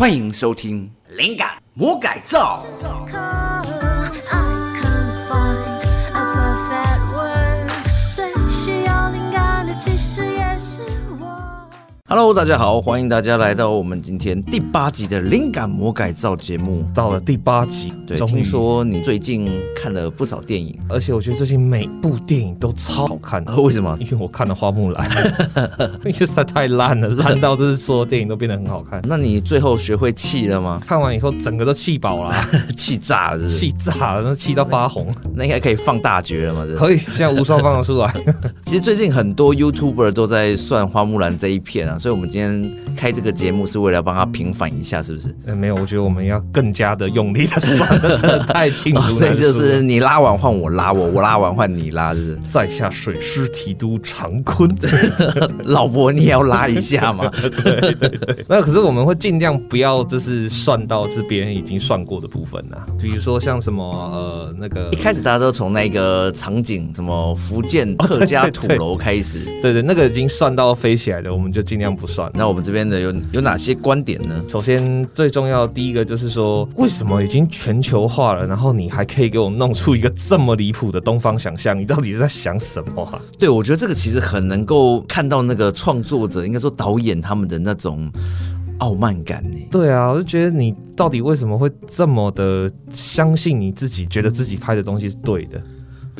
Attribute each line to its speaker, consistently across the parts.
Speaker 1: 歡迎收聽《靈感魔改造》。Hello，大家好，歡迎大家來到我們今天第八集的靈感魔改造節目。到了第八集，對，聽說你最近看了不少電影，而且我覺得最近每部電影都超好看的，啊。為什麼？因為我
Speaker 2: 看了《花木蘭》，實在太爛了，爛到就是說的電影都變得很好看。那你
Speaker 1: 最後學會氣了嗎？看完以後整個都氣飽了，啊， 氣炸了是是，氣炸了，那氣到發紅。那應該可以放大絕了嗎？可以，現在無雙放得出來。 其實最近很多 YouTuber 都在算《花木蘭》這一片啊。所以，我們今天開這個節目是為了幫他平反一下，是不是、
Speaker 2: 欸？沒有，我覺得我們要更加的用力的算， 真的太清楚了、哦。所以就是你
Speaker 1: 拉完換我拉我，我我拉完換你拉。是，是，在下水師提督長坤， 老伯，你也要拉一下嘛？ 對、對、對、對。那可是我們會
Speaker 2: 盡量不要，就是算到這邊已經算過的部分啊。比如說像什麼呃那個，一開始
Speaker 1: 大家都從那個場景，什麼福建客家土樓開始，哦、對、對、對、對、對、對對，那個已經算到飛起來的，我們就盡量。不算。那我們這邊的有有哪些觀點
Speaker 2: 呢？首先，最重要的第一個就是說，為什麼已經全球化了，然後你還可以
Speaker 1: 給我弄出一個這麼離譜的東方想象？你到底是在想什麼啊？對，我覺得這個其實很能夠看到那個創作者，應該說導演他們的那種傲慢感呢。對啊，我就覺得你到底為什麼會這麼的相信你自己，覺得自己拍的東西是對的？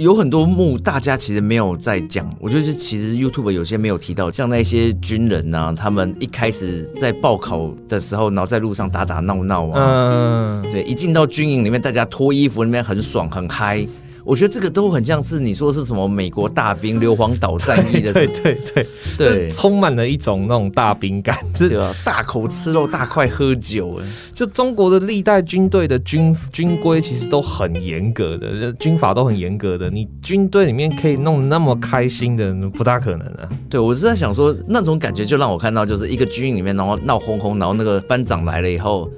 Speaker 1: 有很多幕大家其實沒有在講，我就是其實 YouTube 有些沒有提到，像那些軍人吶、啊，他們一開始在報考的時候，然後在路上打打鬧鬧啊，嗯嗯、對，一進到軍營裡面，大家脫衣服裡面很爽很嗨。我覺得這個都很像是你說是什麼美國大兵硫磺島戰役的， 對對對對,對，充滿了一種那種大兵感，對吧、啊？大口吃肉，大
Speaker 2: 塊喝酒，就中國的歷代軍隊的軍軍規其實都很嚴
Speaker 1: 格的，軍法都很嚴格的，你軍隊裡面可以弄那麼開心的，不大可能啊。對，我是在想說那種感覺，就讓我看到就是一個軍營裡面，然後鬧哄哄，然後那個班長來了以後。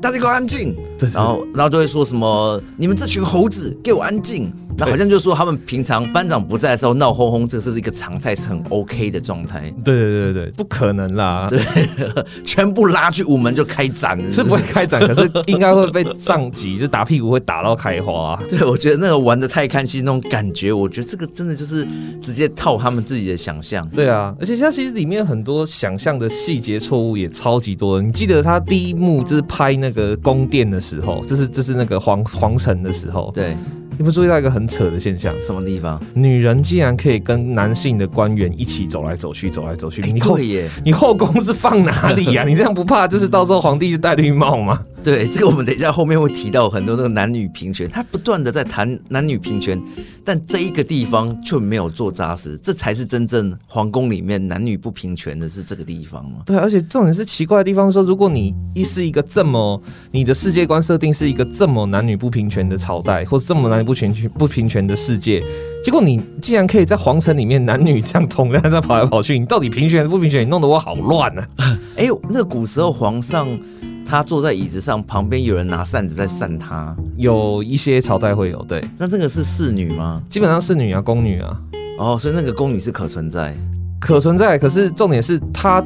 Speaker 1: 大家給我安靜，然後然後就會說什麼，你們這群猴子給我安靜。那好像就是說他們平常班長不在的時候鬧哄哄，這個是一個常態，是很 OK 的狀態。對對對對，不可能啦！對，全部拉去午門就開斬，是，是不會開斬，可是應該會被上級 就打屁股，會打到開花對。對我覺得那個玩的太開心，那種感覺，我覺得這個真的就是直接套他們自己的想象。對啊，而且他其實裡面很多想象的細節錯誤也超級多。你記得
Speaker 2: 他第一幕就是拍那個。那個宮殿的時候，這是這是那個皇皇城的時候。對，你不注意到一個很扯的現象？什麼地方？女人竟然可以跟男性的官員一起走來走去，走來走去？欸、你後，你後宮是放哪裡呀？啊？ 你這樣不怕就是到時
Speaker 1: 候皇帝就戴綠帽嗎？嗯 對，這個我們等一下後面會提到很多那個男女平權，他不斷的在談男女平權，但這一個地方卻沒有做紮實，這才是真正皇宮裡面男女不平權的是這個地方嘛。
Speaker 2: 對，而且重點是奇怪的地方說，說如果你一是一個這麼你的世界觀設定是一個這麼男女不平權的朝代，或者這麼男女不平權不平權的世界，結果你竟然可以在皇城裡面男女這樣同
Speaker 1: 樣在跑來跑去，你到底平權不平權？你弄得我好亂呢、啊。哎、欸、呦，那古時候皇上。他坐在椅子上，旁邊有人拿扇子在扇他。有一些朝代會有，對。那這個是侍女嗎？基本上侍女啊，宮女啊。哦，所以那個宮女是可存在，
Speaker 2: 可存在。可是重點是她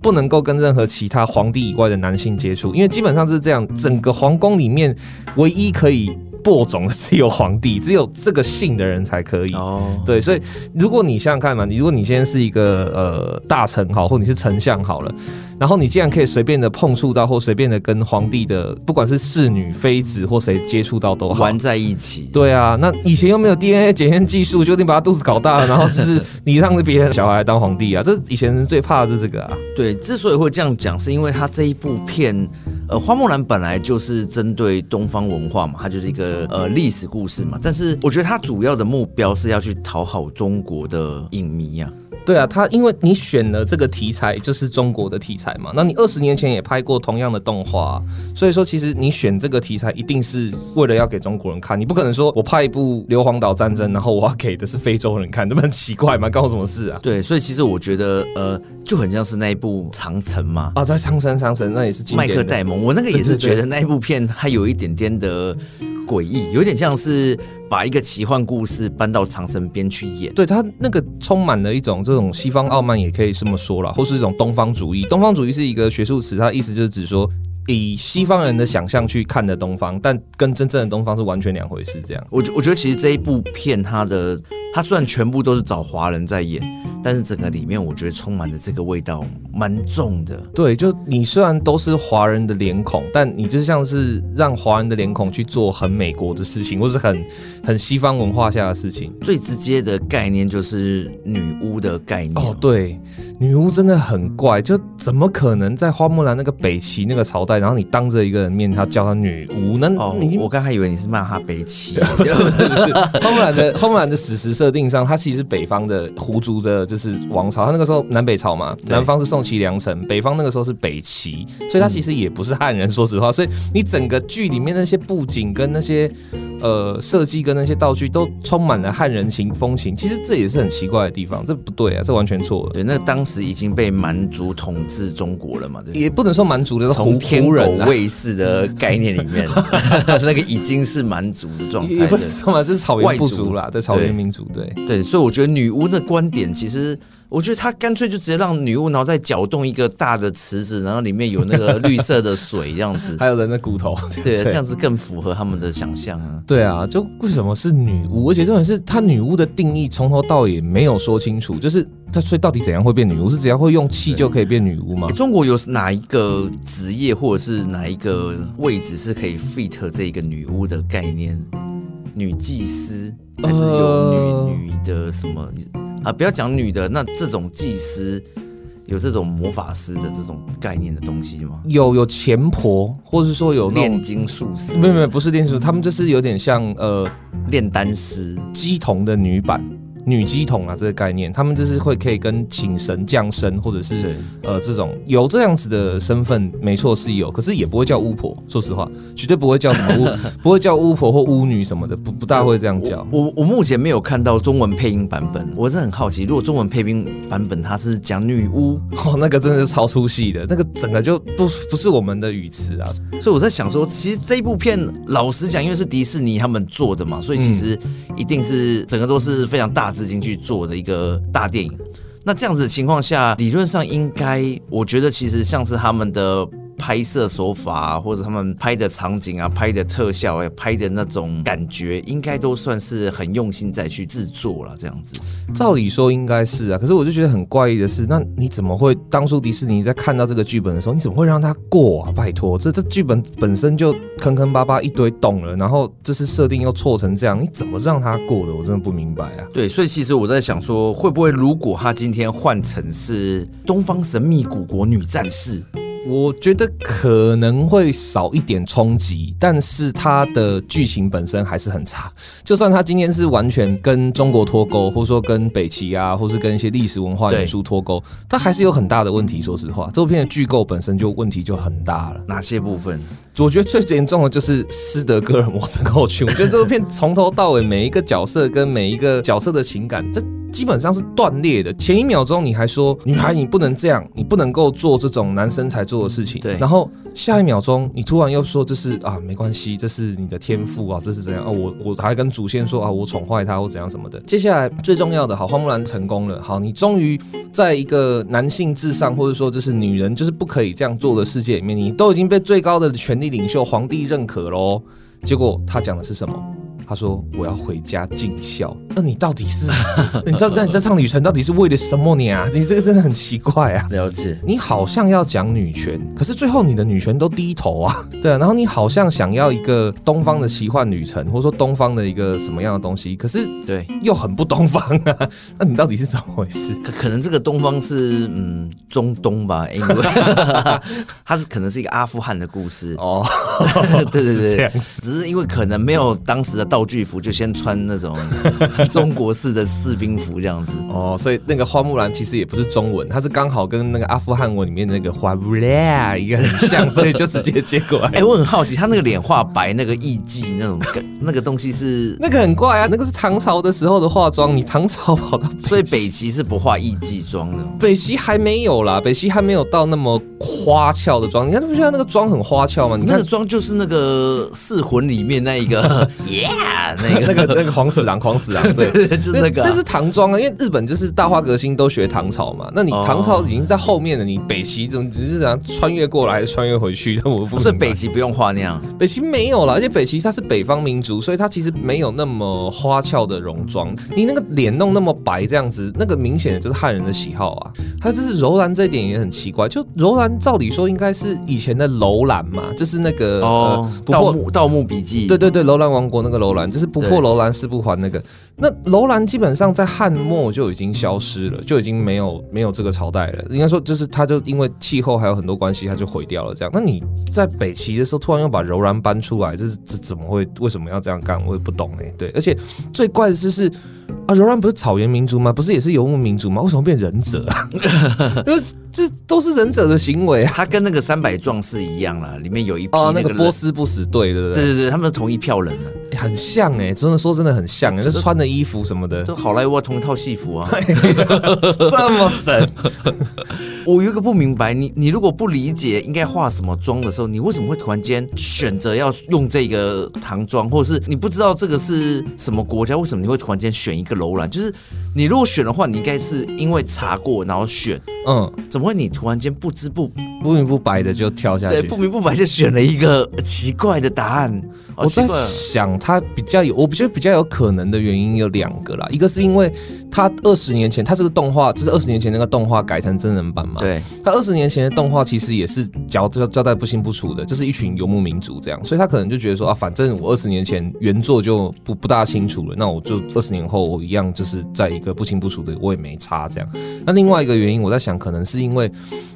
Speaker 2: 不能夠跟任何其他皇帝以外的男性接觸，因為基本上是這樣。整個皇宮裡面，唯一可以播種的只有皇帝，只有這個姓的人才可以。哦，對。所以如果你想想看嘛，你如果你現在是一個呃大臣好，或你是丞相好了。然後你竟然可以隨便的碰觸到，或隨便的跟皇帝的，不管是侍女、妃子或誰接觸到都好玩在一起。對啊，那以前又沒有 DNA 檢驗技術，就你把他肚子搞大了， 然後是你讓別人
Speaker 1: 小孩當皇帝啊？這以前最怕的是這個啊。對，之所以會這樣講，是因為他這一部片，呃，花木蘭本來就是針對東方文化嘛，它就是一個呃歷史故事嘛。但是我覺得它主要的目標是要去討好中國的影迷啊。
Speaker 2: 對啊，他因為你選了這個題材，就是中國的題材嘛。那你二十年前也拍過同樣的動畫，所以說其實你選這個題材一定是為了要給中國人看，你不可能說我拍一部硫磺島戰爭，然後我要給的是非洲人看，這不很奇怪嗎？干我什麼事啊？
Speaker 1: 對，所以其實我覺得，呃，就很像是那一部長城嘛。啊，在長城，長城，長城那也是經典的。麥克·戴蒙，我那個也是覺得那一部片對對對還有一點點的。詭異，有點像是把一個奇幻故事搬到長城邊去演。對，他那個充滿了一種
Speaker 2: 這種西方傲慢，也可以這麼說了，或是這種東方主義。東方主義是一個學術詞，它意思就是指說以西方人的想象去看的東方，但跟真正的東方是完全兩回事。這樣，
Speaker 1: 我我覺得其實這一部片，它的它雖然全部都是找華人在演。但是整個裡面，我覺得充滿的這個味道，蠻重的。
Speaker 2: 對，就你雖然都是華人的臉孔，但你就像是讓華人的臉孔去做很美國的事情，或是很很西方文化下的事情。最直接的概念就是女巫的概念。哦，對，女巫真的很怪，就怎麼可能在花木蘭那個北齊那個朝代，然後你當着一個人面，他叫她女巫呢？哦，我剛才以為你是罵她北齊。花 木蘭的花木蘭的史實設定上，她其實是北方的胡族的。就是是王朝，他那個時候南北朝嘛，南方是宋齊梁陳，北方那個時候是北齊，所以他其實也不是漢人，嗯，說實話。所以你整個劇裡面那些布景跟那些呃設計跟那些道具都充滿了漢人情風情，其實這也是很奇怪的地方，這不對啊，
Speaker 1: 這完全錯了。對，那當時已經被蠻族統治中國了嘛，
Speaker 2: 對。也不能說蠻族的，啊，從天人衛
Speaker 1: 士的概念裡面， 那個已經是蠻族的狀態了嘛，這，就是草原部族啦，對，草原民族對，對，對，所以我覺得女巫的觀點其實。其實我覺得他乾脆就直接讓女巫，然後再攪動一個大的池子，然後裡面有那個綠色的水，這樣子， 還有人的骨頭對，對，這樣子更符合他們的想象啊。
Speaker 2: 對啊，就為什麼是女巫？而且重點是他女巫的定義從頭到尾沒有說清楚，就是他所以到底怎樣會變女巫？是只要會用氣就可以變女巫
Speaker 1: 嗎？欸、中國有哪一個職業或者是哪一個位置是可以 fit 這個女巫的概念？女祭司還是有女、呃、女的什麼？啊，不要講女的，那這種祭司有這種魔法師的這種概念的東西嗎？
Speaker 2: 有有前婆，或者是說有煉金術師？沒有沒有，不是煉金
Speaker 1: 術，他們就是有點像呃
Speaker 2: 煉丹師，乩童的女版。女乩童啊，這個概念，他們就是會可以跟請神降生，或者是呃這種有這樣子的身份，沒錯是有，可是也不會叫巫婆，說實話，絕對不會叫什麼巫， 不會叫巫婆或巫女什麼的，
Speaker 1: 不不大會這樣叫。我我，我目前沒有看到中文配音版本，我是很好奇，如果中文配音版本它是講女巫，哦，那個真的是超出戲的，那個整個就不不是我們的語詞啊。所以我在想說，其實這一部片老實講，因為是迪士尼他們做的嘛，所以其實一定是、嗯、整個都是非常大。資金去做的一個大電影，那這樣子的情況下，理論上應該，我覺得其實像是他們的拍攝手法啊，或者他們拍的場景啊，拍的特效、欸，誒、拍的那種感覺，應該都算是很用心在去制作了。這樣子，照理說應該是啊，可是我
Speaker 2: 就覺得很怪異的是，那你怎麼會當初迪士尼在看到這個劇本的時候，你怎麼會讓它過啊？拜托，這這劇本本身就坑坑巴巴一堆洞了，然後這次設定又錯成這樣，你怎麼讓它過的？我真的不明白啊。
Speaker 1: 對，所以其實我在想說，會不會如果他今天換成是東方神秘古國女戰士？我覺得可
Speaker 2: 能會少一點衝擊，但是它的劇情本身還是很差。就算它今天是完全跟中國脫鈎，或者說跟北齊啊，或是跟一些歷史文化元素脫鈎，它還是有很大的問題。說實話，這部片的劇構本身就問題就很大了。哪些部分？我覺得最嚴重的就是斯德哥爾摩症候群。我， 我覺得這部片從頭到尾每一個角色跟每一個角色的情感，這。基本上是斷裂的。前一秒鐘你還說，女孩，你不能這樣，你不能夠做這種男生才做的事情。對。然後下一秒鐘你突然又說，這是啊，沒關係，這是你的天賦啊，這是怎樣啊？我我還跟祖先說啊，我寵壞他或怎樣什麼的。接下來最重要的好，花木蘭成功了。好，你終於在一個男性至上或者說這是女人就是不可以這樣做的世界裡面，你都已經被最高的權力領袖皇帝認可嘍。結果他講的是什麼？他說：“我要回家盡孝。”那你到底是？ 你知道你在唱女權到底是為了什麼？你啊，你這個真的很奇怪啊！了解，你好像要講女權，可是最後你的女權都低頭啊。對啊，然後你好像想要一個東方的奇幻旅程，或者說東方的一個什麼樣的東西？可是對，又很不東方啊。那你到底是怎麼回事？可
Speaker 1: 能這個東方是嗯中東吧，因為 它是可能是一個阿富汗的故事哦。對對對，這樣子，只是因為可能沒有當時的道。道具服就先穿那種中國式的士兵服這樣子 哦，所以那個花木
Speaker 2: 蘭其實也不是中文，它是剛好跟那個阿富汗文裡面那個花木一個很像，所以就
Speaker 1: 直接接過來。哎、 欸，我很好奇，他那個臉畫白，那個藝伎那種那個東西是 那個很怪啊，那個是唐朝
Speaker 2: 的時候的化妝、嗯。你唐朝
Speaker 1: 跑到北齊，所以北齊是不畫藝
Speaker 2: 伎妝的？北齊還沒有啦，北齊還沒有到那麼花俏的妝。你看，不就那個妝很花俏嗎？你看妝、那個、就是那個《四魂》裡面那一個。
Speaker 1: 耶、 yeah!。那個那
Speaker 2: 個那個黃死郎黃死郎，對， 就是那個、啊，但是唐裝啊，因為日本就是大化革新都學唐朝嘛。那你唐朝已經在後面了，你北齊怎麼只是這樣穿越過來還是穿越回去，那我不是北齊不用化那樣，北齊沒有了，而且北齊它是北方民族，所以它其實沒有那麼花俏的戎裝。你那個臉弄那麼白這樣子，那個明顯就是漢人的喜好啊。他就是柔然這一點也很奇怪，就柔然照理說應該是以前的樓蘭嘛，就是那個哦，盜墓盜墓筆記，對對對，樓蘭王國那個樓。就是不破樓蘭誓不還那個，那樓蘭基本上在漢末就已經消失了，嗯、就已經沒有沒有這個朝代了。應該說就是他就因為氣候還有很多關係，嗯、他就毀掉了。這樣，那你在北齊的時候突然又把柔然搬出來，這是這怎麼會為什麼要這樣幹？我也不懂哎、欸。對，而且最怪的是是啊，柔然不是草原民族嗎？不是也是游牧民族嗎？為什麼變
Speaker 1: 忍者啊？因 為這，這都是忍者的行為啊。他跟那個三百壯士一樣了，裡面有一批那個、哦那個、波斯
Speaker 2: 不死隊，對對對對
Speaker 1: 對，他們是同一票人了、啊。很像哎、欸，真的說真的很像，這穿的衣服什麼的，就好萊塢、啊、同一套戲服啊， 這麼神。 我有一個不明白，你你如果不理解應該化什麼妝的時候，你為什麼會突然間選擇要用這個唐裝，或者是你不知道這個是什麼國家，為什麼你會突然間選一個樓蘭？就是你如果選的話，你應該是因為查過然後選，嗯，怎麼會你突然間不知不不明不白的就跳下來？對，不明不白就選了一個奇怪的答案，我在想。他比較有，我覺
Speaker 2: 得比較有可能的原因有兩個啦，一個是因為他二十年前他這個動畫，就是二十年前那個動畫改成真人版嘛。對，他二十年前的動畫其實也是交交交代不清不楚的，就是一群游牧民族這樣，所以他可能就覺得說啊，反正我二十年前原作就不不大清楚了，那我就二十年後我一樣就是在一個不清不楚的，我也沒差這樣。那另外一個原因，我在想可能是因為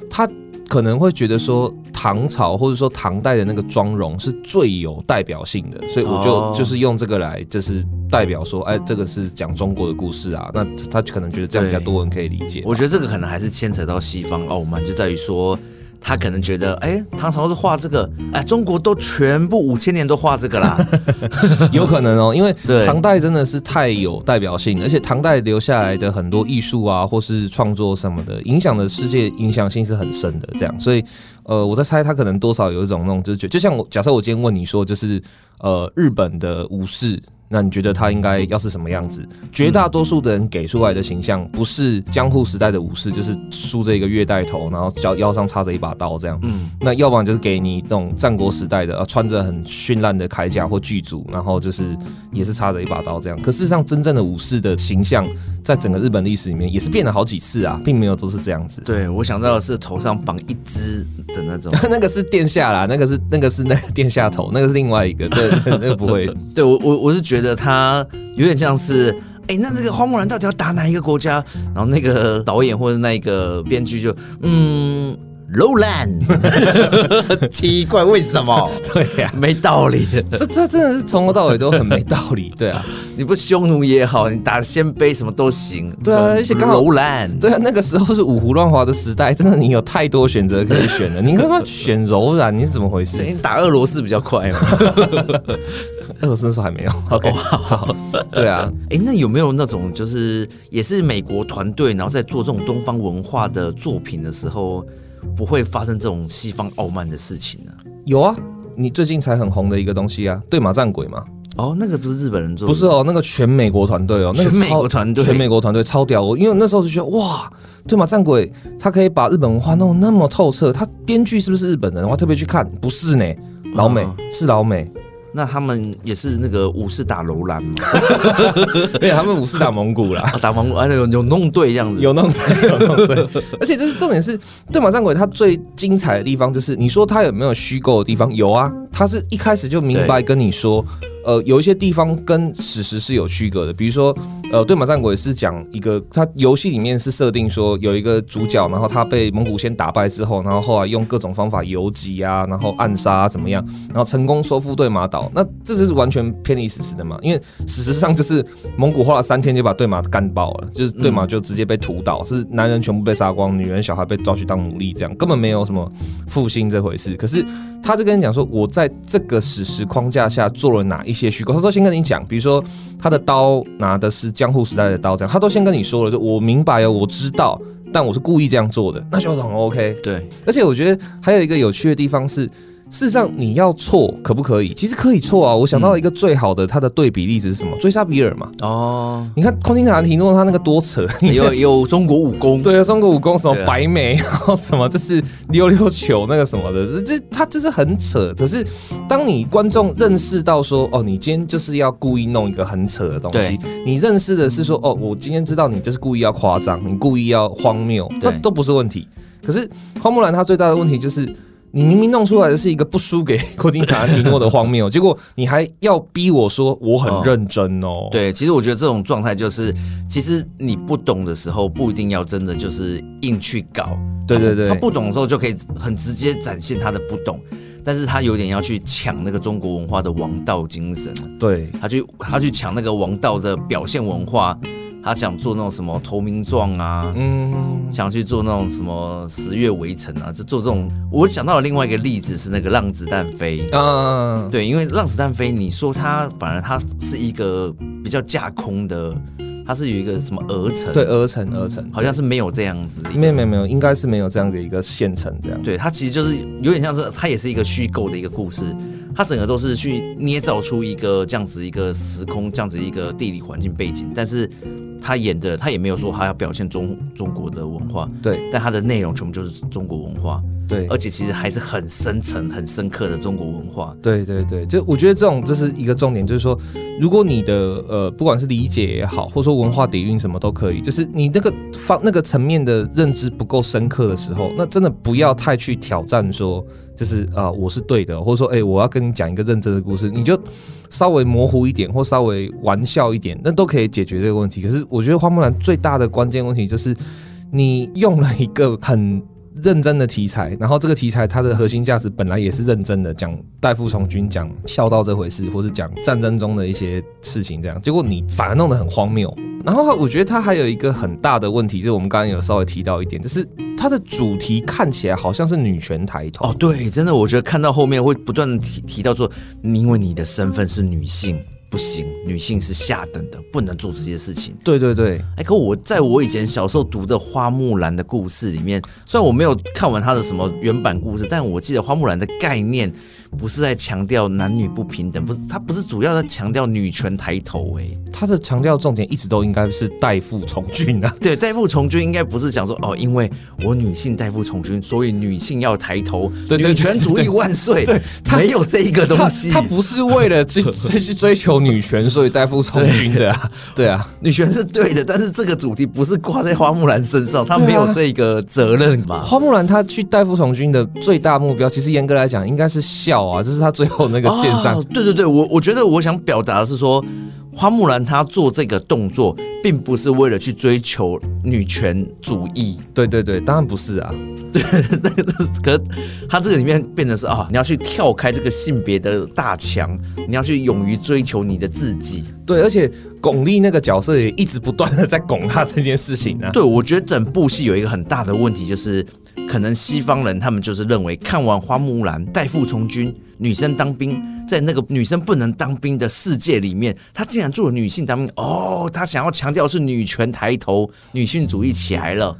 Speaker 2: 他。可能會覺得說唐朝或者說唐代的那個妝容是最有代表性的，所以我就、oh. 就是用這個來，就是
Speaker 1: 代表說，哎、欸，這個是講中國的故事啊。那他可能覺得這樣比較多人可以理解。我覺得這個可能還是牽扯到西方傲慢，哦、我們就在於說。他可能覺得，哎、欸，唐朝是畫這個，哎、欸，中國都全部五千年都畫這個啦， 有可能哦、喔，因為
Speaker 2: 唐代真的是太有代表性，而且唐代留下來的很多藝術啊，或是創作什麼的，影響的世界影響性是很深的，這樣，所以，呃，我在猜他可能多少有一種那種，就是就像我假設我今天問你說，就是呃，日本的武士。那你覺得他應該要是什麼樣子？絕大多數的人給出來的形象，不是江戶時代的武士，就是梳着一個月代頭，然後腰腰上插着一把刀這樣。嗯，那要不然就是給你那種戰國時代的，啊，穿着很絢爛的鎧甲或具足，然後就是也是插着一把刀這樣。可事實上，真正的武士的形象，在整個日本歷史裡面也是變了好幾次啊，並沒有都是這樣子。對，我想到的是頭上綁一隻的那種， 那個是殿下
Speaker 1: 啦，那個是那個是那個殿下頭，那個是另外一個，對，那個不會。 對，我我我是覺。覺得他有點像是，哎、欸，那那個花木蘭到底要打哪一個國家？然後那個導演或者那個編劇就，嗯。柔然， 奇怪，為什麼？對呀、啊，沒道理。這
Speaker 2: 這真的是從頭到尾都很
Speaker 1: 沒道理。對啊，你不匈奴也好，你打鮮卑什麼都行。對啊，而且剛好柔然、
Speaker 2: 啊。對啊，那個時候是五胡亂華的時代，真的你有太多選擇可以選了。你幹嘛選柔然，你是
Speaker 1: 怎麼回事？你打俄羅斯比較快嘛？ 俄羅斯那時候還沒有。OK、哦、好、好。對啊，哎、欸，那有沒有那種就是也是美國團隊，然後在做這種東方文化的作品的時候？不會發生這種西方傲慢的事情呢、
Speaker 2: 啊？有啊，你最近才很紅的一個東西啊，對《對馬戰鬼》嘛。哦，那個不是日本人做的，不是哦，那個全美國團隊哦，那個、超全美國團隊，全美國團隊超屌哦。因為那時候就覺得哇，對《對馬戰鬼》他可以把日本文化弄那麼透徹，他編劇是不是日本人？嗯、我特別去看，
Speaker 1: 不是呢，老美、哦、是老美。那他們也是那個武士打樓蘭嗎？對， 他們武士打蒙古啦，打蒙古，而有有弄對這樣子，有弄對，
Speaker 2: 有弄對。而且就是重點，是對馬戰鬼他最精彩的地方就是，你說他有沒有虛構的地方？有啊，他是一開始就明白跟你說。呃，有一些地方跟史實是有區隔的，比如說，呃，對馬戰鬼是講一個，他遊戲裡面是設定說有一個主角，然後他被蒙古先打敗之後，然後後來用各種方法游擊啊，然後暗殺啊，怎麼樣，然後成功收復對馬島。那這就是完全偏離史實的嘛？因為史實上就是蒙古花了三天就把對馬幹爆了，就是對馬就直接被屠島、嗯，是男人全部被殺光，女人小孩被抓去當奴隸，這樣根本沒有什麼復興這回事。可是他就跟你講說，我在這個史實框架下做了哪一一些虛構，他都先跟你講，比如說他的刀拿的是江戶時代的刀，這樣他都先跟你說了，就我明白、哦、我知道，但我是故意這樣做的，那就很 OK。對，而且我覺得還有一個有趣的地方是。事實上，你要錯可不可以？其實可以錯啊。我想到一個最好的它的對比例子是什麼？嗯、追殺比爾嘛。哦。你看，昆汀塔倫提諾他那個多扯，哎、有有中國武功。對啊，中國武功什麼、啊、白眉啊什麼，這是溜溜球那個什麼的，這他就是很扯。可是，當你觀眾認識到說、嗯，哦，你今天就是要故意弄一個很扯的東西，你認識的是說，哦，我今天知道你就是故意要誇張，你故意要荒謬，那都不是問題。可是，花木蘭她最大的問題就是。你明明弄出來的是一
Speaker 1: 個不輸給昆丁塔倫提諾的荒謬， 結果你還要逼我說我很認真哦。Uh, 對，其實我覺得這種狀態就是，其實你不懂的時候不一定要真的就是硬去搞。對對對他，他不懂的時候就可以很直接展現他的不懂，但是他有點要去搶那個中國文化的王道精神。對，他去他去搶那個王道的表現文化。他想做那種什麼投名狀啊，嗯，想去做那種什麼十月圍城啊，就做這種。我想到了另外一個例子是那個《讓子彈飛》，嗯，對，因為《讓子彈飛》，你說它反而它是一個比較架空的，它是有一個什麼鵝城，對，鵝城、鵝城，好像是沒有這樣子的。沒有沒有沒有，
Speaker 2: 應該是沒有這樣的一個縣城這樣。
Speaker 1: 對，它其實就是有點像是它也是一個虛構的一個故事，它整個都是去捏造出一個這樣子一個時空，這樣子一個地理環境背景，但是。他演的，他也沒有說他要表現中中國的文化，對，但他的內容全部就是中國文化，對，而且其實還是很深層、很深刻的中國文化。對對對，就我覺得這種就是一個重點，就是說，如果你的
Speaker 2: 呃，不管是理解也好，或者說文化底蘊什麼都可以，就是你那個方那個層面的認知不夠深刻的時候，那真的不要太去挑戰說。就是啊，呃，我是對的，或者說，誒、欸，我要跟你講一個認真的故事，你就稍微模糊一點，或稍微玩笑一點，那都可以解決這個問題。可是，我覺得花木蘭最大的關鍵問題就是，你用了一個很認真的題材，然後這個題材它的核心價值本來也是認真的，講代父從軍講、講孝道這回事，或者講戰爭中的一些事情，這樣。結果你反而弄得很荒謬。然後我覺得它還有一個很大的問題，就是我們剛剛有稍微
Speaker 1: 提到一點，就是它的主題看起來好像是女權抬頭。哦，對，真的，我覺得看到後面會不斷地提提到說，因為你的身份是女性。不行，女性是下等的，不能做這些事情。對對對，哎、欸，可我在我以前小時候讀的花木蘭的故事裡面，雖然我沒有看完她的什麼原版故事，但我記得花木蘭的概念。不是在強調男女不平等，不是他不是主要在強調女權抬頭、欸，哎，他的強調重點一直都應該是代父從軍啊。對，代父從軍應該不是想說哦，因為我女性代父從軍，所以女性要抬頭，對對對對對對女權主義萬歲，沒有這一個東西他他。他不是為了去，去追求女權，所以代父從軍的、啊對，對啊，女權是對的，但是這個主題不是掛在花木蘭身上，他沒有這個責任吧、啊？花
Speaker 2: 木蘭她去代父從軍的最大目標，其實嚴格來講應該
Speaker 1: 是孝。啊，這是他最後那個劍上、哦，對對對，我我覺得我想表達的是說，花木蘭她做這個動作，並不是為了去追求女權主義，對對對，當然不是啊，對，那個可是他這個裡面變成是啊、哦，你要去跳開這個性別的大牆，你要去勇於追求你的自己，對，而且鞏俐那個角色也一直不斷的在拱她這件事情呢、啊。對，我覺得整部戲有一個很大的問題就是。可能西方人他們就是認為，看完花木蘭代父從軍，女生當兵，在那個女生不能當兵的世界裡面，她竟然做了女性當兵，哦，她想要強調是女權抬頭，女性主義起來了。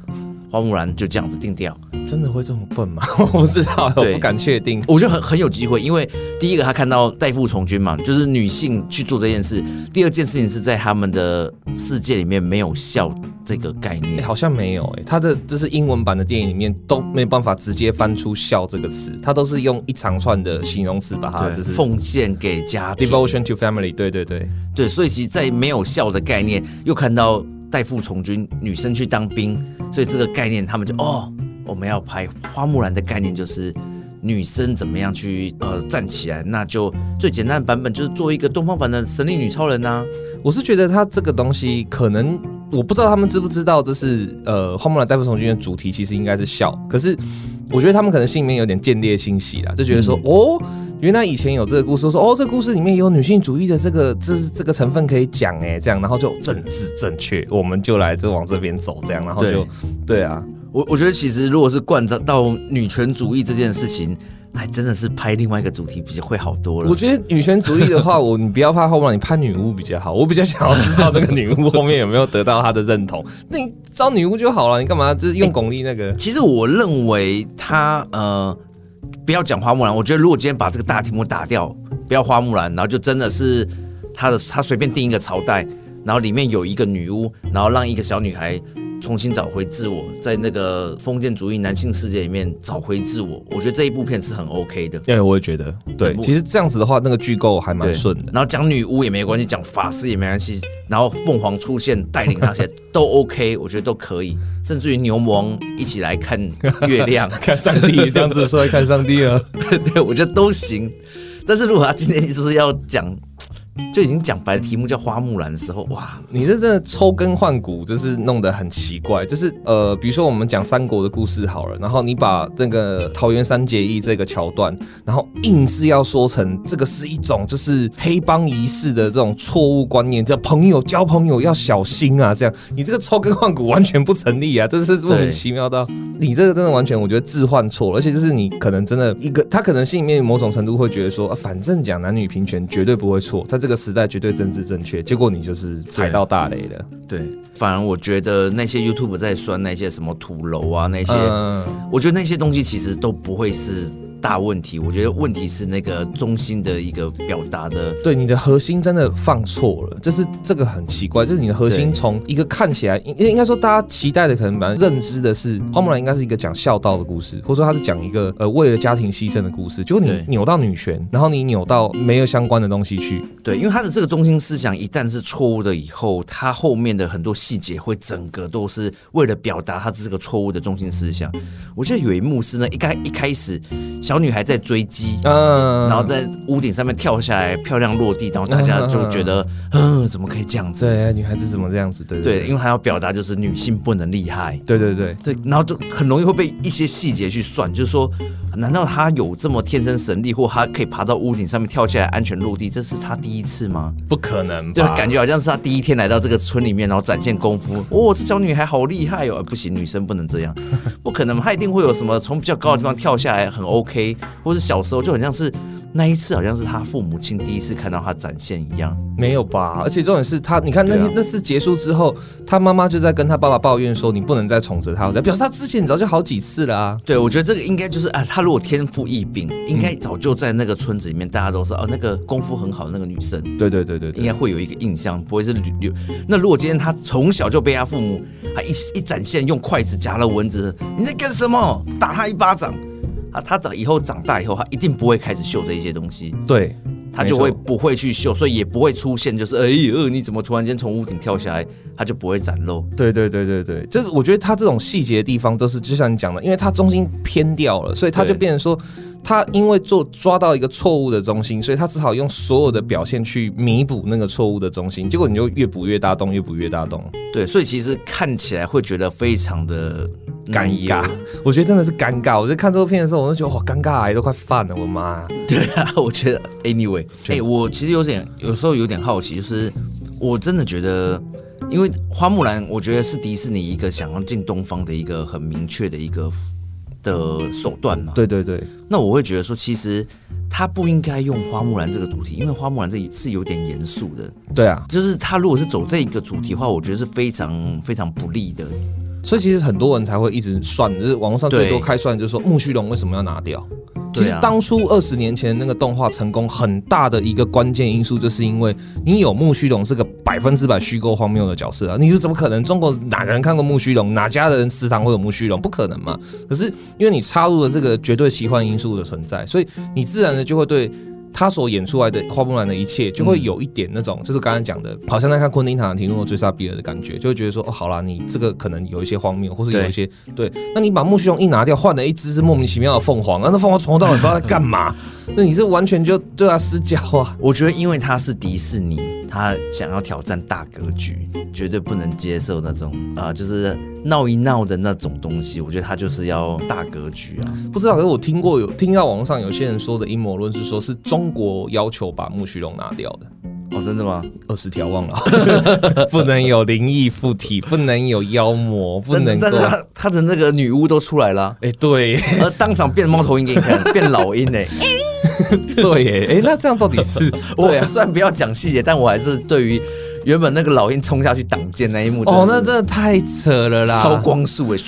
Speaker 1: 花木蘭就這樣子定調，
Speaker 2: 真的會這麼笨嗎？ 我
Speaker 1: 不知道，我不敢確定。我覺得很很有機會，因為第一個他看到代父從軍嘛，就是女性去做這件事；第二件事情是在他們的世界裡面沒有孝這個概念，欸、好像沒有誒、欸。他的
Speaker 2: 就是英文版的電影裡面都沒辦法直接翻出“孝”這個詞，他都是用一長串
Speaker 1: 的形容詞把它、就是、奉獻給家庭，devotion to family。對對對對，所以其實在沒有孝的概念，又看到。代父從軍，女生去當兵，所以這個概念他們就哦，我們要拍花木蘭的概念就是女生怎麼樣去呃站起來，那就最簡單的版本就是做一個東方版的神力女超人吶、啊。我是覺得他這個東西可能我不知道他們知不知道，這是呃花木蘭代父
Speaker 2: 從軍的主題其實應該是孝，可是我覺得他們可能心裡面有點見獵心喜啦，就覺得說、嗯、哦。原來以前有這個故事說，說哦，這個、故事裡面有女性主義的這個、這個、這個成分可以講哎、欸，這樣，然後就政治正確，我們就來這往這邊走，這樣，然後就對，對啊。
Speaker 1: 我我覺得其實如果是貫徹到女權主義這件事情，還真的是拍另外一個主題比較會好多了。我覺得女權主義的話，我你不要怕後面 你拍女巫比較好。我
Speaker 2: 比較想要知道那個女巫後面有沒有得到她的認同。 那你招女巫就好了，你幹嘛就是、
Speaker 1: 用鞏俐那個、欸，其實我認為她呃。不要講花木蘭，我覺得如果今天把這個大題目打掉，不要花木蘭，然後就真的是他的，他隨便定一個朝代，然後裡面有一個女巫，然後讓一個小女孩。重新找回自我，在那個封建主義男性世界裡面找回自我，我覺得這一部片是很 OK 的。對、欸，
Speaker 2: 我也覺得對。對，其實
Speaker 1: 這樣子的話，那個劇構還蠻順的。然後講女巫也沒關係，講法師也沒關係，然後鳳凰出現帶領那些 都 OK，我覺得都可以。甚至於牛魔王一起來看月亮， 看上帝， 這樣子說來看上帝啊，對我覺得都行。但是如果他今天就是要講。就已經講白了題目叫花木蘭的時候，哇，你這真的抽根換骨，就是弄得很奇怪，就是呃，比如說
Speaker 2: 我們講三國的故事好了，然後你把那個桃園三結義這個橋段，然後硬是要說成這個是一種就是黑幫儀式的這種錯誤觀念，叫朋友交朋友要小心啊，這樣你這個抽根換骨完全不成立啊，這是莫名其妙的，啊。你這個真的完全，我覺得置換錯了，而且就是你可能真的一個他可能心裡面某種程度會覺得說，啊，反正講男女平權絕對不會錯，這個時代絕對政治正確，結果
Speaker 1: 你就是踩到大雷了。對，對，反而我覺得那些 YouTube 在酸那些什麼土樓啊，那些，嗯，我覺得那些東西其實都不會是。大問題，我覺得問題是那個中心的一個表達的，
Speaker 2: 對，你的核心真的放錯了，就是這個很奇怪，就是你的核心從一個看起來應應該說大家期待的可能蠻認知的是花木蘭應該是一個講孝道的故事，或者說他是講一個呃為了家庭犧牲的故事，結果你
Speaker 1: 扭到女權，然後你扭到沒有相關的東西去，對，因為他的這個中心思想一旦是錯誤的以後，他後面的很多細節會整個都是為了表達他這個錯誤的中心思想。我記得有一幕是呢，一開一開始。小女孩在追擊，uh, 然後在屋頂上面跳下來，漂亮落地，然後大家就覺得，嗯、uh, uh, uh, uh,，怎麼可以
Speaker 2: 這樣子？對，女孩子怎麼這樣子？
Speaker 1: 對,對,對,對，對，因為她要表達就是女性不能厲害。對對對對,對，然後就很容易會被一些細節去算，就是說，難道她有這麼天生神力，或她可以爬到屋頂上面跳下來安全落地？這是她第一次嗎？不可能，對，感覺好像是她第一天來到這個村裡面，然後展現功夫。哦，這小女孩好厲害哦、欸！不行，女生不能這樣，不可能，她一定會有什麼從比較高的地方跳下來，很 OK。或是小時候就很像是那一次，好像是他父母親第一次看到他展現一樣。沒有吧？而且重點
Speaker 2: 是他，你看那、嗯啊、那次結束之後，他媽媽就在跟他爸爸抱怨說：“你不能再寵着他。”表
Speaker 1: 示他之前早就好幾次了啊、嗯。對，我覺得這個應該就是啊，他如果天賦異稟，應該早就在那個村子裡面，大家都說哦、嗯啊，那個功夫很好的那個女生。對對對對、對、對，應該會有一個印象，不會是女、嗯。那如果今天他從小就被他父母啊一一展現用筷子夾了蚊子，你在幹什麼？打他一巴掌。啊，他長以後長大以後，他一定不會開始秀這些東西。對，他就會不會去秀，所以也不會出現，就是哎，你怎麼突然間從屋頂跳下來？他就不會展露。對，對，對，對，對，就是我覺得他這種細節的
Speaker 2: 地方都是，就像你講的，因為他中心偏掉了，所以他就變成說，他因為做抓到一個錯誤的中心，所以他只好用所有的表現去彌補那個錯誤的中心，結果你就越補越大洞，越補越大洞。對，所以其實看起來會覺得非常的。尷尬，我覺得真的是尷尬。我覺得看這部片的時候，我都覺得好尷尬，都快犯了，我媽。
Speaker 1: 對啊，我覺得。Anyway，哎、欸，我其實有點，有時候有點好奇，就是我真的覺得，因為花木蘭，我覺得是迪士尼一個想要進東方的一個很明確的一個的手段嘛。對對對。那我會覺得說，其實他不應該用花木蘭這個主題，因為花木蘭這是有點嚴肅的。對啊，就是他如果是走這一個主題的話，我覺得是非常非常不利的。所以其實很多人才會
Speaker 2: 一直算，就是網絡上最多開算，就是說木須龍為什麼要拿掉？啊、其實當初二十年前那個動畫成功很大的一個關鍵因素，就是因為你有木須龍這個百分之百虛構荒謬的角色啊，你說怎麼可能？中國哪個人看過木須龍？哪家的人時常會有木須龍？不可能嘛。可是因為你插入了這個絕對奇幻因素的存在，所以你自然的就會對他所演出來的花木蘭的一切，就會有一點那種，嗯、就是剛剛講的，好像在看昆汀塔倫提諾追殺比爾的感覺，就會覺得說，哦，好啦，你這個可能有一些荒謬，或是有一些對，對，那你把木須龍一拿掉，換了一隻是莫名其妙的鳳凰，啊、那鳳凰從頭到尾不知道在幹嘛，
Speaker 1: 那你這完全就對他失焦啊！我覺得，因為他是迪士尼。他想要挑戰大格局，絕對不能接受那種啊、呃，就是鬧一鬧的那種東西。我覺得他就是要大格局啊。不知道，可是我聽過有聽到網上有些人說的陰
Speaker 2: 謀論是說，是中國要求把木須龍拿掉的。哦，真的嗎？二十條忘了， 不能有靈異附體， 不能有妖魔，不能。但是他他的那
Speaker 1: 個女巫都出來了、啊。哎、欸，對，而當場變貓頭鷹，給你看 變老鷹呢、欸。 對誒，哎、欸，那這樣到底是，啊、我雖然不要講細節，但我還是對於原本那個老鷹衝下去擋箭，那一幕，哦，那真的太扯了啦！超光速的。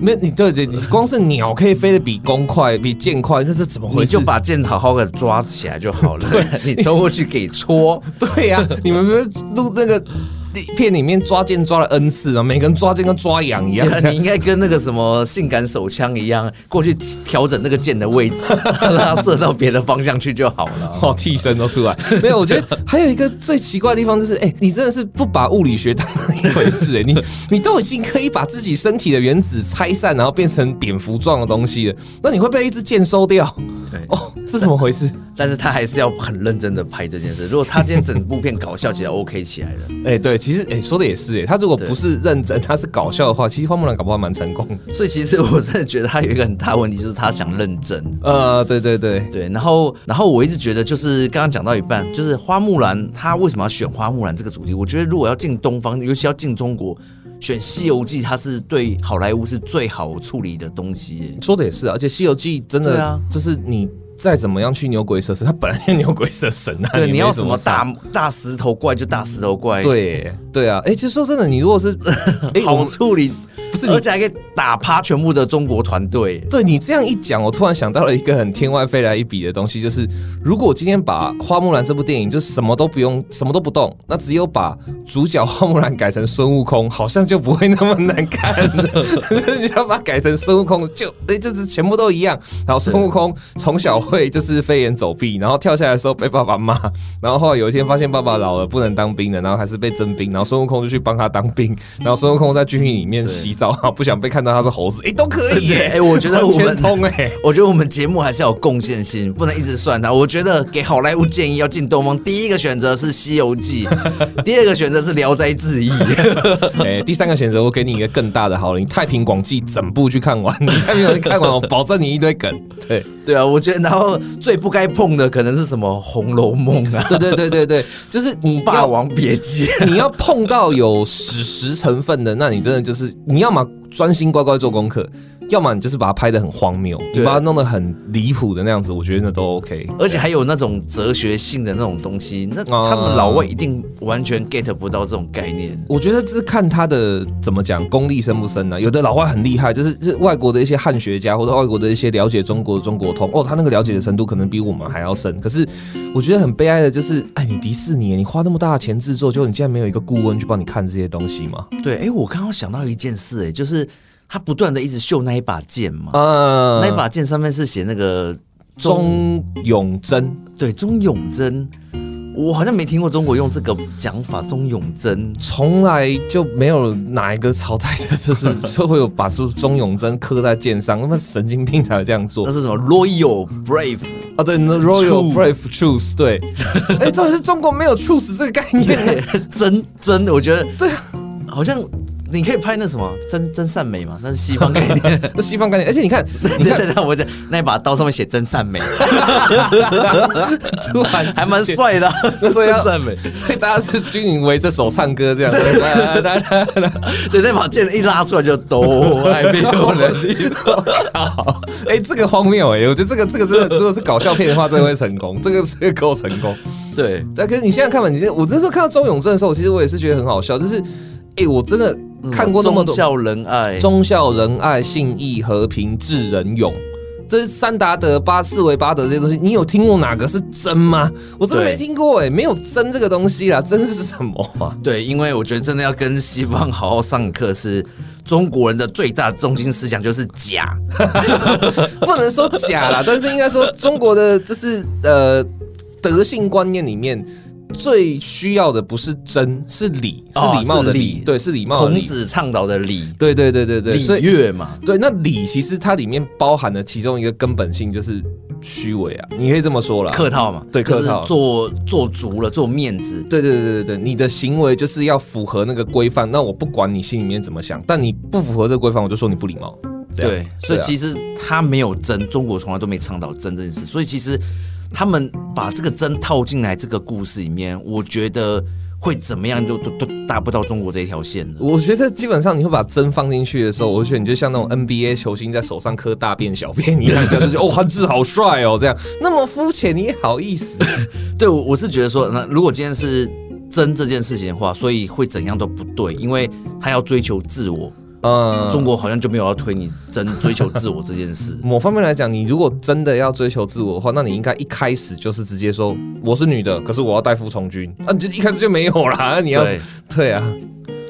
Speaker 2: 沒，你對對，你光是鳥可以飛得比弓快，比箭快，那是怎麼回事？你就把箭好好的抓起來就好了。 對，你衝過去給戳。 對呀、啊，你們不是錄那個？
Speaker 1: 片裡面抓箭抓了 N 次啊，每個人抓箭跟抓癢一樣，樣、啊。你應該跟那個什麼性感手槍一樣，過去調整那個箭的位置， 讓它射到別的方向去就好了哦。哦，替身都出來，沒有。我覺得
Speaker 2: 還有一個最奇怪的地方就是，哎、欸，你真的是不把物理學當一回事哎、欸，你你都已經可以把自己身體的原子拆
Speaker 1: 散，然後變成蝙蝠狀的東西了，那你會被一支箭收掉？對，哦，是怎麼回事但？但是他還是要很認真的拍這件事。如果他今天整部片搞笑起來 ，OK 起來了，
Speaker 2: 哎、欸，對。其實，哎、欸，說的也是，哎，他如果不是認真，他是搞笑的話，其實花木蘭搞不好蠻成功的。所
Speaker 1: 以，其實我真的覺得他有一個很大問題，就是他想認真。呃，對對對對。然後，然後我一直覺得，就是剛剛講到一半，就是花木蘭，他為什麼要選花木蘭這個主題？我覺得，如果要進東方，尤其要進中國，選《西遊記》，它是對好萊塢是最好處理的東西。說的也是啊，而且《西遊記》真的，就是你。再怎麼樣去
Speaker 2: 牛鬼蛇神，他本來就是牛鬼蛇神啊。對，你要什麼大大石頭怪就大石頭怪。對，對啊，哎，就說真的，你如果是好處理。 欸 我 不是，而且還可以打趴全部的中國團隊。對，你這樣一講，我突然想到了一個很天外飛來一筆的東西，就是如果我今天把《花木蘭》這部電影就什麼都不用，什麼都不動，那只有把主角花木蘭改成孫悟空，好像就不會那麼難看了。 你要把它改成孫悟空，就哎，這、欸、是全部都一樣。然後孫悟空從小會就是飛檐走壁，然後跳下來的時候被爸爸罵，然後後來有一天發現爸爸老了不能當兵了，然後還是被徵兵，然後孫悟空就去幫他當兵。然後孫悟空在軍營裡面洗。不想被看到他是猴子，哎、欸，都可以、欸，哎、欸，我覺得我們，哎、
Speaker 1: 欸，我覺得我們節目還是要有貢獻心，不能一直算他。我覺得給好萊塢建議要進東方，第一個選擇是《西遊記，》 第二個選擇是《聊齋志異》，
Speaker 2: 哎，第三個選擇我給你一個更大的，好了，你《太平廣記》整部
Speaker 1: 去看完，你太平廣記看完，我保證你一堆梗。對，對啊，我覺得然後最不該碰的可能是什麼《紅樓夢》啊？對對對對對，就是你《霸王別姬》，你要
Speaker 2: 碰到有史實成分的，那你真的就是你要。幹嘛專心乖乖做功課？要麼你就是把它拍得很荒謬，你把它弄得很離譜的那樣子，我覺得那都 OK。而且還有那
Speaker 1: 種哲學
Speaker 2: 性的那種東西，
Speaker 1: 那他們老外一定完全 get 不到這種概念。嗯、
Speaker 2: 我覺得這是看他的怎麼講功力深不深呢？、啊？有的老外很厲害，就是是外國的一些漢學家或者外國的一些了解中國的中國通哦，他那個了解的程度可能比我們還要深。可是我覺得很悲哀的就是，哎，你迪士尼，你花那麼大的錢製作，就你竟然沒有一個
Speaker 1: 顧問去幫你看這些東西嗎？對，哎、欸，我剛剛想到一件事，哎，就是。他不斷的一直秀那一把劍嘛、嗯，那一把劍上面是寫那個忠勇真」對，忠勇真」我好像沒聽過中國用這個講法，忠勇
Speaker 2: 真」從來就沒有哪一個朝代的，就是會有把中忠勇真」刻在劍上，那 麼神經病才會這樣做。那是什麼？Royal Brave 啊，對、The、，Royal、True.
Speaker 1: Brave Truth，對，
Speaker 2: 哎、 欸，這是中國沒有 truth 這個概念，
Speaker 1: 真真的，我覺得對啊，好像。你可以拍那什麼真真善美嘛？那是西方概念， 那西方概念。而且你看，你 看我在那一把刀上面寫真善美， 突然還蠻帥的。真善美，那所以要，所以大家是均勻圍着手
Speaker 2: 唱歌這樣子。對對對，那把劍一拉出來就都還沒有能哎、 欸，這個荒謬哎、欸！我覺得這個這個真的真的是搞笑片的話，真的會成功。這個這個夠成功對。對，可是你現在看嘛？你現在我這時候看到忠勇真的時候，其實我也是覺得很好笑。就是，哎、欸，我真的。看過這麼多忠孝仁愛、忠孝仁愛、信義和平、智仁勇，這是三達德、八四維八德這些東西，你有聽過
Speaker 1: 哪個是真嗎？我真的沒聽過哎、
Speaker 2: 欸，沒有真這個東西啦，真是
Speaker 1: 什麼、啊？對，因為我覺得真的要跟西方好好上課，是中國人的最大中心思想就是假， 不能說假啦，但是應該說中國的這是
Speaker 2: 呃德性觀念裡面。最需要的不是真，是禮，是禮貌的禮，對，是禮貌。孔子倡導的禮，對對對對對，禮樂嘛，對。那禮其實它裡面包含的其中一個根本性就是虛偽啊，你可以這麼說了，客套嘛，對，客套，做
Speaker 1: 做足了，做面子，對，對對對對對，你的行為就
Speaker 2: 是要符合那個規範，那我不管你心裡面怎麼想，但你不符合這個規範，我就說你不禮貌。
Speaker 1: 對，所以其實他沒有真，中國從來都沒倡導真這件事，所以其實。他們把這個真套進來這個故事裡面，我覺得會怎麼樣？就都都達不到中國這一條線。我覺得基本上，你會把真放進去的時候，我覺得你就像那種 NBA
Speaker 2: 球星在手上刻大便小便一樣， 哦，漢字好帥哦，這樣那麼膚淺，
Speaker 1: 你也好意思？ 對，我我是覺得說，那如果今天是真這件事情的話，所以會怎樣都不對，因為他要追求自我。呃、嗯，中國好像就沒有要推你
Speaker 2: 真追求自我這件事。 某方面來講，你如果真的要追求自我的話，那你應該一開始就是直接說我是女的，可是我要代父從軍啊，你就一開始就沒有啦。你要對，
Speaker 1: 對啊，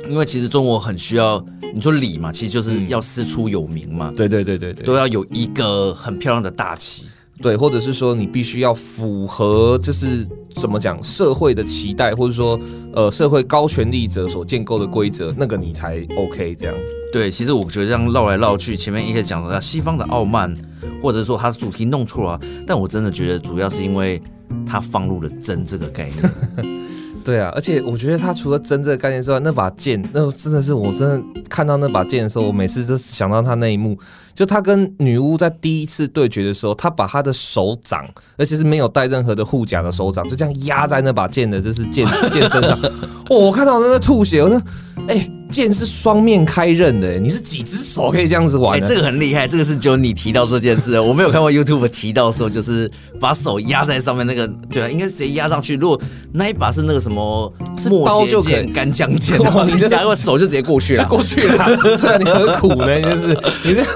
Speaker 1: 因為其實中國很需要你說理嘛，其實就是要師出有名嘛、嗯，對對對對對，都要有一個很漂亮的大旗。對，或者是說你必須要
Speaker 2: 符合，就是怎麼講社會的期待，或者說呃社會高權
Speaker 1: 力者所建構的規則，那個你才 OK。這樣。對，其實我覺得這樣繞來繞去，前面一些講的西方的傲慢，或者說他的主題弄錯了，但我真的覺得主要是因為他放入了“真”這個概念。
Speaker 2: 對啊，而且我覺得他除了“真”這個概念之外，那把劍，那真的是我真的看到那把劍的時候，我每次就是想到他那一幕。就他跟女巫在第一次對決的時候，他把他的手掌，而且是沒有帶任何的護甲的手掌，就這樣壓在那把劍的就是劍劍 身上哇，我看到我在吐血，我說，哎、欸。劍是雙面開刃的，欸，你是幾隻手
Speaker 1: 可以這樣子玩？哎、欸，這個很厲害，這個是只有你提到這件事，我沒有看過 YouTube 提到說，就是把手壓在上面那個，對啊，應該直接壓上去。如果那一把是那個什麼，是刀就干將劍，喔，你這，就是、手就直接過去了，就過去了。你何苦呢， 你就是你這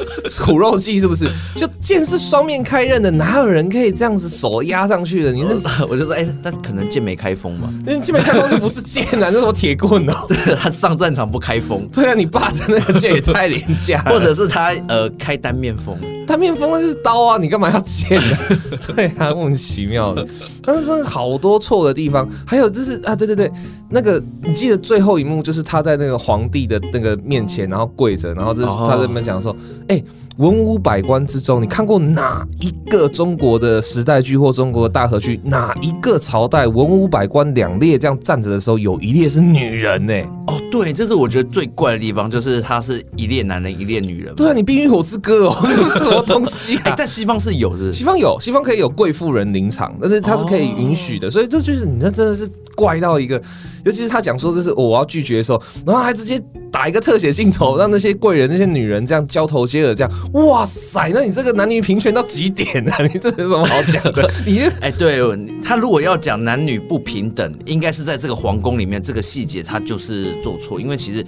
Speaker 1: 苦肉計是不是？
Speaker 2: 就劍是雙面開刃的，哪有人可以這樣子手壓
Speaker 1: 上去的？你是，我，我就說，哎、欸，那可能劍沒開封吧？你劍沒開封就不是劍啊，那什麼鐵棍哦、啊？他上戰場不？開鋒對啊，你爸的那個劍也太廉價了， 或者是他呃開單面鋒，
Speaker 2: 單面鋒那就是刀啊，你幹嘛要劍呢？
Speaker 1: 對啊，莫名其
Speaker 2: 妙的，但是真的好多錯的地方，還有就是啊，對對對，那個你記得最後一幕就是他在那個皇帝的那個面前，然後跪着，然後就是他在那邊講說，哎、哦。欸.文武百官之中，你看過哪一個中國的時代劇或中國的大河劇，哪一個朝代文武百官兩列這樣站着的時候，有一列是女人
Speaker 1: 呢、欸？哦，對，這是我覺得最怪的地方，就是它是一列男人，一列女人。
Speaker 2: 對啊，你《冰與火之歌》哦， 是，不是什麼東西、啊。哎、欸，但
Speaker 1: 西方是有是不是，是西方有，西方可以有貴婦人臨場，
Speaker 2: 但是它是可以允許的、哦，所以這就，就是你那真的是怪到一個。尤其是他講說這，就、哦、是我要拒絕的時候，然後還直接打一個特寫鏡頭，讓那些貴人、那些女人這樣交頭接耳，
Speaker 1: 這樣哇塞！那你這個男女平權到極點啊！你這有什麼好講的？ 你就哎、欸，對他如果要講男女不平等，應該是在這個皇宮裡面這個細節他就是做錯，因為其實。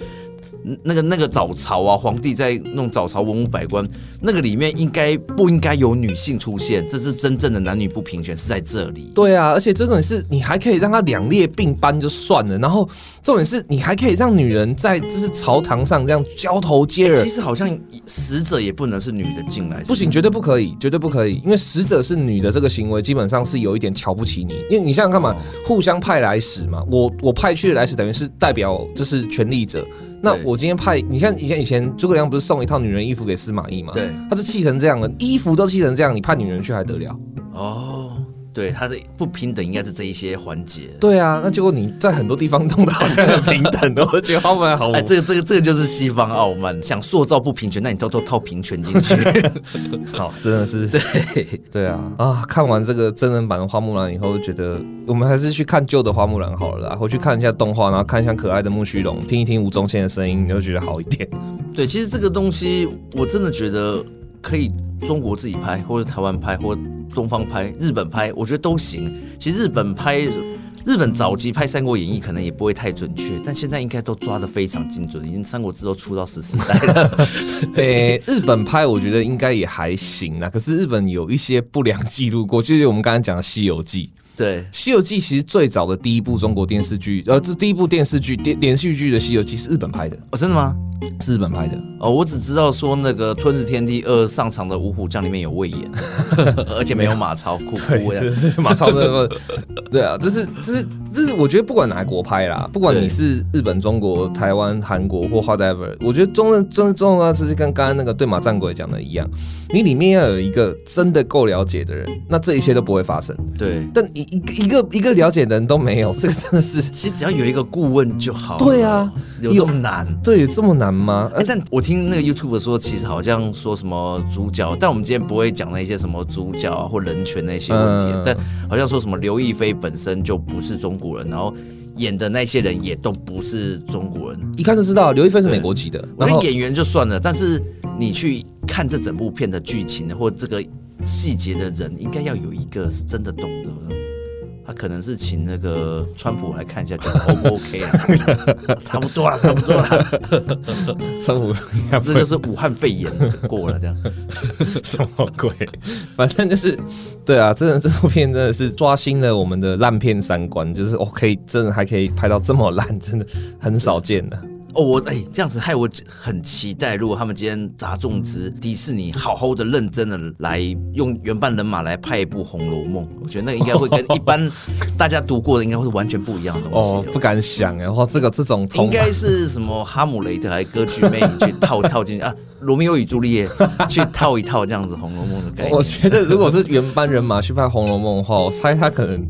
Speaker 1: 那個那個早朝啊，皇帝在弄早朝，文武百官那個裡面應該不應該有女性出現？這是真正的男女不平權，是在這裡。對
Speaker 2: 啊，而且這種也是，你還可以讓他兩列並班就算了，然後重點是，你還可以讓女人在這是朝堂上這樣交頭接耳、欸。其實好像使者也不能是女的進來，不行，絕對不可以，絕對不可以，因為使者是女的這個行為基本上是有一點瞧不起你，因為你想想看嘛、哦，互相派來使嘛，我我派去的來使等於是代表就是權力者。那我今天派你，像以前，以前諸葛亮不是送一套女人衣服給司馬懿嗎？對，他就氣成這樣的，衣服都氣成這樣，你派女人去還得了？哦。
Speaker 1: 對它的不平等，應該是這一些環節。對
Speaker 2: 啊，那結果你在很多地方弄
Speaker 1: 的好像很平等的， 我覺得他們好。哎、欸，這個這個這個就是西方傲慢，想塑造不平權，那你偷偷套平權進去。 好，真的是。對對啊啊！看完這個真人版
Speaker 2: 的花木蘭以後，覺得我們還是去看舊的花木蘭好了啦，然後去看一下動畫，然後看一下可愛的
Speaker 1: 木須龍，聽一聽吳宗憲的聲音，你就覺得好一點。對，其實這個東西我真的覺得。可以中國自己拍，或者台灣拍，或是東方拍，日本拍，我覺得都行。其實日本拍，日本早期拍《三國演義》可能也不會太準確，但現在應該都抓得非常精準，已經《三國志》都出到十四代了。呃、 欸， 日本
Speaker 2: 拍我覺得應該也還行啊。可是日本有一些不良記錄過，就是我們剛才講的《西遊記》。對，《西遊記》其實最早的第一部中國電視劇，呃，這第一部電視劇、電
Speaker 1: 連續劇的《西遊記》是日本拍的。哦，真的嗎？
Speaker 2: 是日本拍的。
Speaker 1: 哦，我只知道說那個《吞噬天地二》上場的五虎將裡面有魏延， 而且沒有馬超，哭哭， 馬超那個 對啊，這是這是。就是我覺得不管哪國拍啦，不管你是日
Speaker 2: 本、中國、台灣、韓國或 whatever，我覺得重點重點重點啊，就是跟剛剛那個對馬戰鬼講的一樣，你裡面要有一個真的夠了解的人，那這一切都不會發生。
Speaker 1: 對，但一一個一個了解的人都沒有，這個真的是其實只要有一個顧問就好。對啊，有,有這麼難。對，有這麼難嗎？哎、欸，但我聽那個 YouTuber 說，其實好像說什麼主角，嗯、但我們今天不會講那些什麼主角啊或人權那些問題，嗯、但好像說什麼劉亦菲本身就不是中國。古人，然後演的那些人也都不是中國人，一看就知道劉亦菲是美國籍的。看演員就算了，但是你去看這整部片的劇情或這個細節的人，應該要有一個是真的懂得。可能是請那個川普來看一下，就 O 不 OK 啊，差不多了，差不多了。川普 這，這就是武漢肺炎就過
Speaker 2: 了這樣， 什麼鬼？反正就是，對啊，真的這部片真的是抓新了我們的爛片三觀，就是 O、OK，K，真的還可以拍到這麼爛，真的
Speaker 1: 很少見的。 哦，我哎、欸，這樣子害我很期待。如果他們今天砸重資、嗯，迪士尼好好的、認真的來用原班人馬來拍一部《紅樓夢》，我覺得那應該會跟一般大家讀過的應該會完全不一樣的東西、啊。哦，不敢想哎！哇，這個、嗯、這種應該是什麼哈姆雷特還歌劇魅影 去套套進去啊？羅密歐與朱麗葉去套一套這樣子《紅樓夢》的感覺。我覺得如果是原班人馬去拍《紅樓夢》的話，我
Speaker 2: 猜他可能。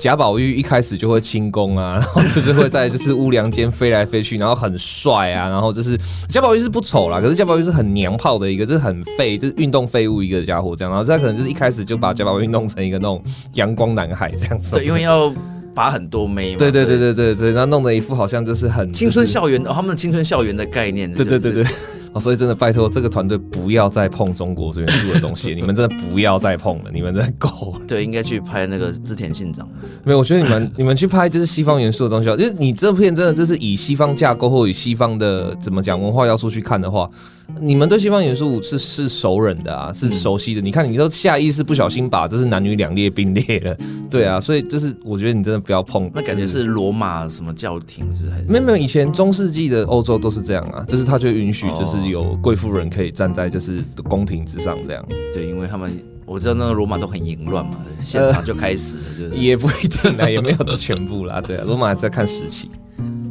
Speaker 2: 賈寶玉一開始就會輕功啊，然後就是會在就是屋梁間飛來飛去，然後很帥啊，然後就是賈寶玉是不醜啦，可是賈寶玉是很娘炮的一個，就是很廢，就是運動廢物一個家伙這樣，然後他可能就是一開始就把賈寶玉弄成一個那種陽光男孩這樣子，對，因為
Speaker 1: 要把很多妹嘛，對對對
Speaker 2: 對對對，然後弄得一副好像就是很、就是、青春校園、哦，他們的青春校園的概念、就是，對對對對，對。啊，所以真的拜託這個團隊不要再碰中國元素的東西， 你們真的不要再碰了，你們真夠了。對，應該去拍那個織田信長。 沒有，我覺得你們 你們去拍就是西方元素的東西，就是你這片真的就是以西方架構或以西方的怎麼講文化要素去看的話。你們對西方元素是是熟人的啊，是熟悉的。嗯、你看，你都下意識不小心把這是男女兩列並列了，對啊，所以就是我覺得你真的不要碰。那感覺是羅馬什麼教廷是不是，還是？沒有沒有，以前中世紀的歐洲都是這樣啊，嗯、就是他就允許就是有貴婦人可以站在就是宮廷之上這樣。對，因為他們我知道那個羅馬都很淫亂嘛，現場就開始了、呃、就是。也不一定啊，也沒有全部啦， 對啊，羅馬還在看時期。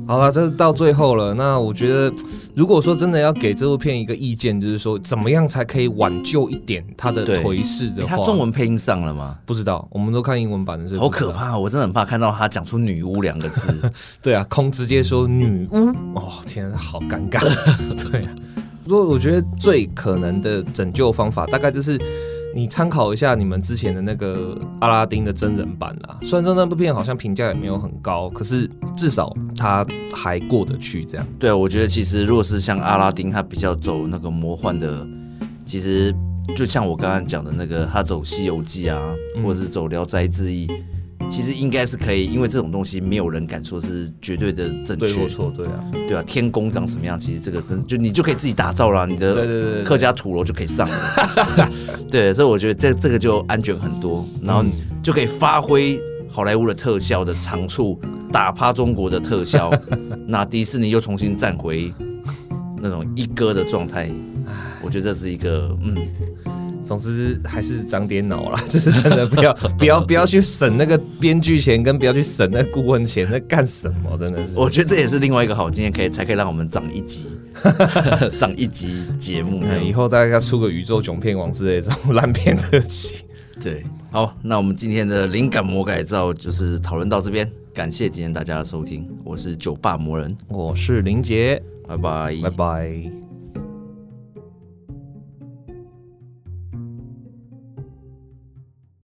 Speaker 2: 好了，這是到最後了。那我覺得，如果說真的要給這部片一個意見，就是說怎麼樣才可以挽救一點他的頹勢的話？他中文配音上了嗎？不知道，我們都看英文版的。好可怕！我真的很怕看到他講出“女巫”兩個字。 對啊，空直接說“女巫”。嗯，哦，天，好尷尬。 對啊，不過我覺得最可能的拯救方法，大概就是。你參考一下你們之前的那個阿拉丁的真人版啦，雖然說那部片好像評價也沒有很高，可是至少它還過得去這樣。
Speaker 1: 對啊，我覺得其實如果是像阿拉丁，他比較走那個魔幻的，其實就像我剛剛講的那個，他走《西遊記》啊，或者是走《聊齋志異》。其實應該是可以，因為這種東西沒有人敢說是絕對的正確。對，沒錯，對啊，對啊，天宮長什麼樣？其實這個真就你就可以自己打造了，啊，你的客家土樓就可以上了。對，對，對，對，對， 對，所以我覺得這這個就安全很多，然後就可以發揮好萊塢的特效的長處，嗯、打趴中國的特效。 那迪士尼又重新站回那種一哥的狀態，我覺得這是一個嗯。總之還是長點腦啦，這、就是真的不要。不要不要不要去省那個編劇錢，跟不要去省那個顧問錢，在幹什麼？真的是，我覺得這也是另外一個好，今天可以才可以讓我們長一集，長 一集節目、嗯。以後大家出個宇宙囧片王之類這種爛片特輯。對，好，那我們今天的靈感魔改造就是討論到這邊，感謝今天大家的收聽。我是酒吧魔人，我是靈捷，拜拜拜拜。